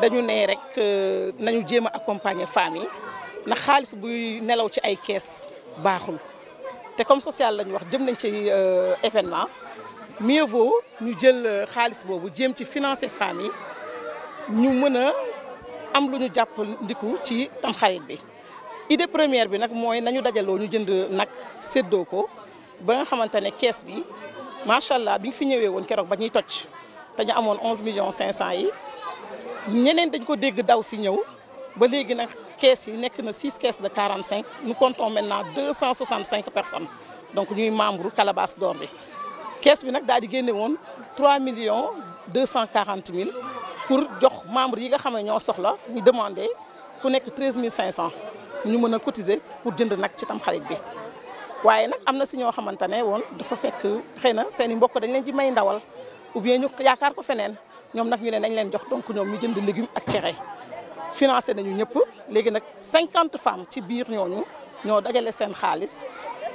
dañu ne rek nañu jéem a accompagner femmes yi ndax xaalis buy nelaw ci ay kees baaxul te comme social lañu wax jëm nañ ci euh, événement mieux vaut ñu jël euh, xaalis boobu jéem ci financer femmes yi ñu mën a am lu ñu jàppandiku ci tamxarit bi idée première bi nag mooy nañu dajaloo ñu jënd nag séddoo ko. ba nga xamante ne kees bi macha allah bi ñu fi ñëwee woon keroog ba ñuy toj te ñu amoon 11 millions cent yi ñeneen dañ ko dégg daw si ñëw ba léegi nag kees yi nekk na 6 caisses de 45 nous comptons maintenant 265 personnes donc ñuy membre Calebasse d'or bi kees bi nag daal di génne woon 3 millions 240 mille pour jox membre yi nga xam ne ñoo soxla ñu demandé ku nekk 13 500 ñu mën a cotiser pour jënd nag ci tam xarit bi. waaye nag am na si ñoo xamante ne woon dafa fekk xëy na seen i mbokk dañ leen ci may ndawal ou bien ñu yaakaar ko feneen ñoom nag ñu leen nañ leen jox donc ñoom ñu jënd légume ak cere financé nañu ñëpp léegi nag cinquante femmes ci biir ñooñu ñoo dajale seen xaalis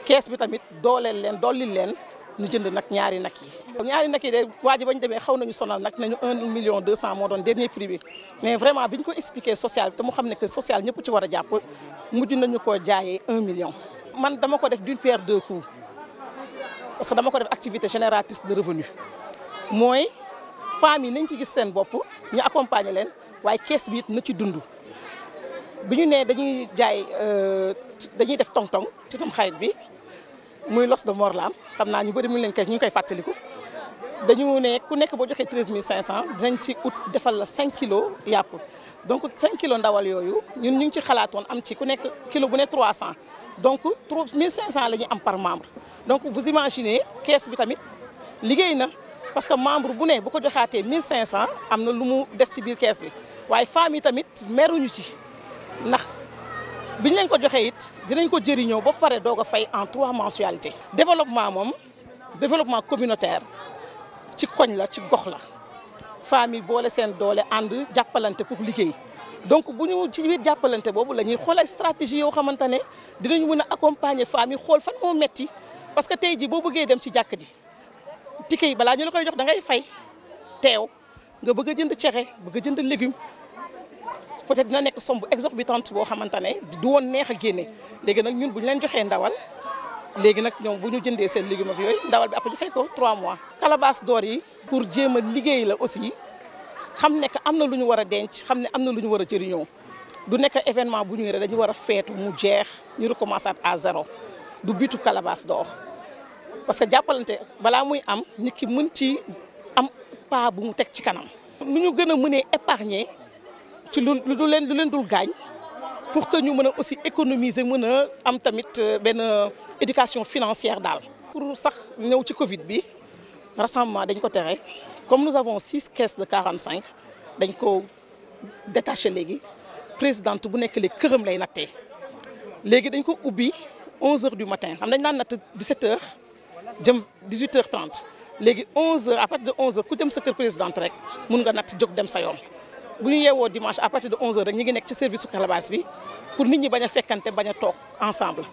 kees bi tamit dooleel leen dollil leen ñu jënd nag ñaari nag yi ñaari nag yi de waa ji bañ demee xaw nañu sonal nag nañu un million deux cent moo doon dernier prix bi mais vraiment biñ ko expliqué social bi xam ne que social ñëpp ci war jàpp mujj nañu koo jaayee un million man dama ko def d'une pierre deux coups parce que dama ko def activité génératrice de revenu mooy femmes yi nañ ci gis seen bopp ñu accompagner leen waaye kees bi it na ci dund. bi ñu nee dañuy jaay euh, dañuy def tong-tong ci tam xarit bi muy los de Morlam xam naa ñu bëri mu leen koy ñu ngi koy fàttaliku dañu ne ku nekk boo joxee treize mille cinq cent dinañ ci ut defal la cinq kilos yàpp donc cinq kilos ndawal yooyu ñun ñu ngi ci xalaatoon am ci ku nekk kilo bu ne trois cent. donc trois mille cinq cent la ñuy am par membre donc vous imaginez kees bi tamit liggéey na parce que membre bu ne bu ko joxaatee mille cinq cent am na lu mu des ci biir kees bi waaye femmes yi tamit meruñu ci ndax biñ leen ko joxee it dinañ ko jëriñoo ba pare doog a fay en trois mensualités développement moom développement communautaire ci koñ la ci gox la famille boole seen doole ànd jàppalante pour liggéey donc bu ñu ci biir jàppalante boobu la ñuy xool ay stratégie yoo xamante ne dinañ mun a accompagner femmes xool fan moo metti parce que tey jii boo bëggee dem ci jàkk ji ticket yi balaa ñu la koy jox da ngay fay teew nga bëgg a jënd cere bëgga jënd légume peut-être dina nekk somme bu exorbitante boo xamante ne du woon neex a génne léegi nag ñun bu ñu leen joxee ndawal léegi nag ñoom bu ñu jëndee seen légume ak yooyu ndawal a après ñu fay mois. calebasse d'or pour jéem a liggéey la aussi xam nekk am na lu ñu war a denc xam ne am na lu ñu war a jëriñoo du nekk événement bu ñu yore dañu war a feetu mu jeex ñu recommencé à zéro du bitu calebasse d'or parce que jàppalante balaa muy am nit ki mën ci am pas bu mu teg ci kanam. mu ñu gën a mënee épargner ci lu lu leen lu leen dul gaañ. pour que ñu mën a aussi économiser mën a am tamit euh, benn euh, éducation financière daal. pour sax ñëw ci Covid bi rassemblement dañ ko tere comme nous avons six caisses de quarante cinq dañ ko détaché léegi présidente bu nekk léegi këram lay nattee léegi dañ ko ubbi onze heures du matin xam dañ daan natt dix sept heures jëm dix huit trente léegi onze heures à partir de onze ku jëm sa kër présidente rek mun nga natt jóg dem sa yoon. bu ñu yeewoo dimanche à partir de 11h rek ñu ngi nekk ci service su calebasse bi pour nit ñi bañ a fekkante bañ a toog ensemble.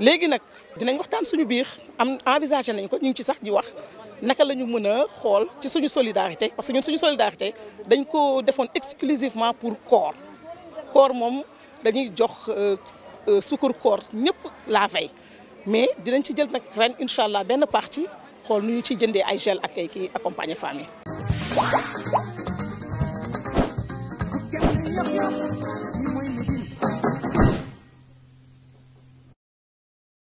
léegi nag dinañ waxtaan suñu biir am envisagé nañ ko ñu ngi ci sax di wax naka la ñu mën a xool ci suñu solidarité parce que ñun suñu solidarité dañ ko defoon exclusivement pour corps corps moom dañuy jox euh, euh, sukkur corps ñëpp la veille mais dinañ ci jël nag ren incha allah benn partie xool nu ñu ciy jëndee ay gel ak ay kii accompagner famille